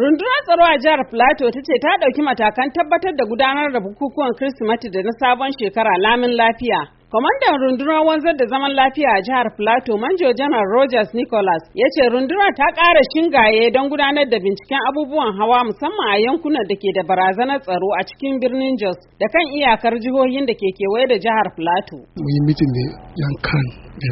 Rundunar tsaro a jihar Plateau ta ce ta ɗauki matakan tabbatar da gudanar da bukukuwan Kirsimeti da na sabon shekara lamin lafiya. Kwamandan rundunar wanzar da zaman lafiya a jihar Plateau Manjo General Rogers Nicholas ya ce rundunar ta ƙara shingaye don gudanar da binciken abubuwan hawa musamman a yankunan da ke da barazanar tsaro a cikin birnin Jos da kan iyakar jihohin da ke kewaye da jihar Plateau. Mun yi mitin da 'Yan-Khan' da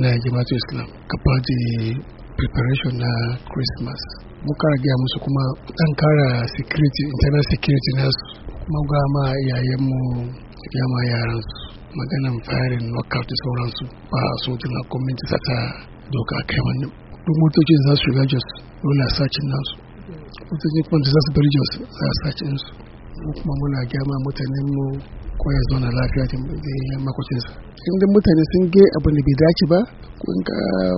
na jiya preparation na christmas muka gaya musu kuma dan kara security internal security na su kuma ga ma iyayen mu ya ma yaran su maganan firing knockout da sauransu ba a so tana gwamnati za ta doka kai wannan duk motoci za su shiga jos dole a sacin nasu motoci kuma da za su bari jos za a sacin su kuma muna gyama mutanen mu ko ya zauna lafiya da makocinsa in da mutane sun ga abin da bai dace ba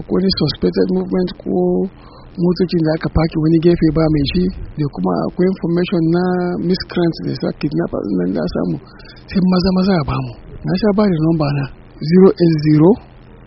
ko ni suspected movement ko motocin da aka faki wani gefe ba mai shi da kuma akwai information na miscrant da sa kidnappers nan da samu sai maza maza ba bamu na sha ba da nomba na 080 340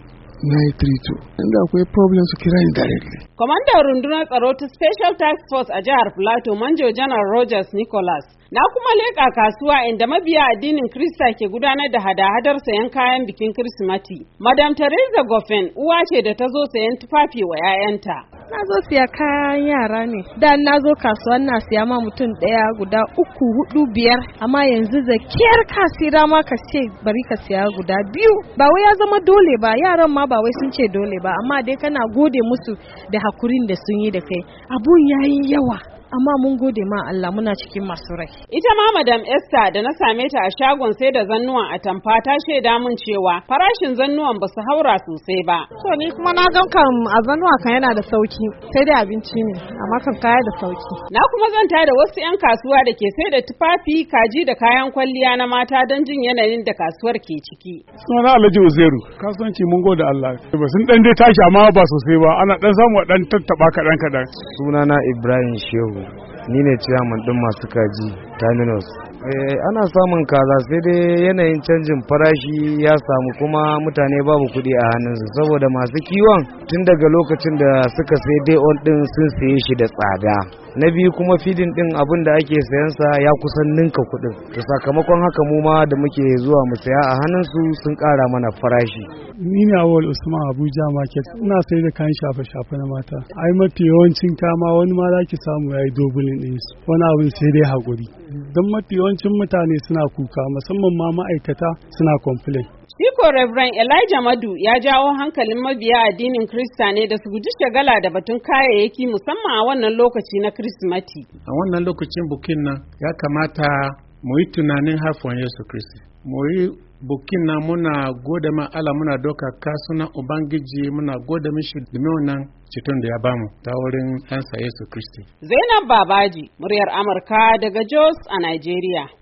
36 932 inda akwai problem su kira ni directly. Kwamandan rundunar tsaro ta Special Task Force a jihar Plateau Manjo Janar Rogers Nicholas na kuma leƙa kasuwa inda mabiya addinin Krista ke gudanar da hada-hadar sayan kayan bikin Kirsimati. Madam Teresa Goffin uwa ce da ta zo sayan tufafi wa 'ya'yanta. na zo siya kayan yara ne da na zo kasuwa na siya ma mutum daya guda uku hudu biyar amma yanzu zakiyar kasira ma ka ce bari ka siya guda biyu ba wai ya zama dole ba yaran ma ba wai sun ce dole ba amma dai kana gode musu da hakurin da sun yi da kai abun yayi yawa amma mun gode ma Allah muna cikin masu rai. Ita ma Madam Esther da na same ta a shagon sai da zannuwan tamfa ta shaida mun cewa farashin zannuwan ba su haura sosai ba. To ni kuma na gan kan a zannuwa kan yana da sauki sai dai abinci ne amma kan kaya da sauki. Na kuma zan tayar da wasu 'yan kasuwa da ke sai da tufafi kaji da kayan kwalliya na mata don jin yanayin da kasuwar ke ciki. na Alhaji Uzairu kasuwanci mun gode Allah. Ba sun dan dai tashi amma ba sosai ba ana dan samu dan tattaba kaɗan kaɗan. Sunana Ibrahim Shehu ni ne ciyaman ɗin masu kaji terminus eh, ana samun kaza sai dai yanayin canjin farashi ya samu kuma mutane babu kuɗi a hannun su saboda masu kiwon tun daga lokacin da suka sai dai on ɗin sun saye shi da tsada na biyu kuma fidin din abin da ake sayansa ya kusan ninka kuɗin da sakamakon haka mu ma da muke zuwa mu saya a su sun kara mana farashi ni ne awal usman abuja market ina sai da kayan shafa-shafa na mata ai mafi yawancin kama wani ma zaki samu yayi dobulin din su wani abin sai dai hakuri don mafi yawancin mutane suna kuka musamman ma ma'aikata suna complain Iko ko Elijah Madu ya jawo hankalin mabiya addinin Krista ne da su guji shagala da batun kayayyaki musamman a wannan lokaci na Kirsimati. A wannan lokacin bukin nan ya kamata mu yi tunanin haifuwan Yesu Kiristi. Mu yi bukin nan muna gode ma Allah muna doka kasunan Ubangiji muna gode mishi domin wannan ceton da ya bamu ta wurin ɗansa Yesu Kiristi. Zainab Babaji, muryar Amurka daga Jos a Nigeria.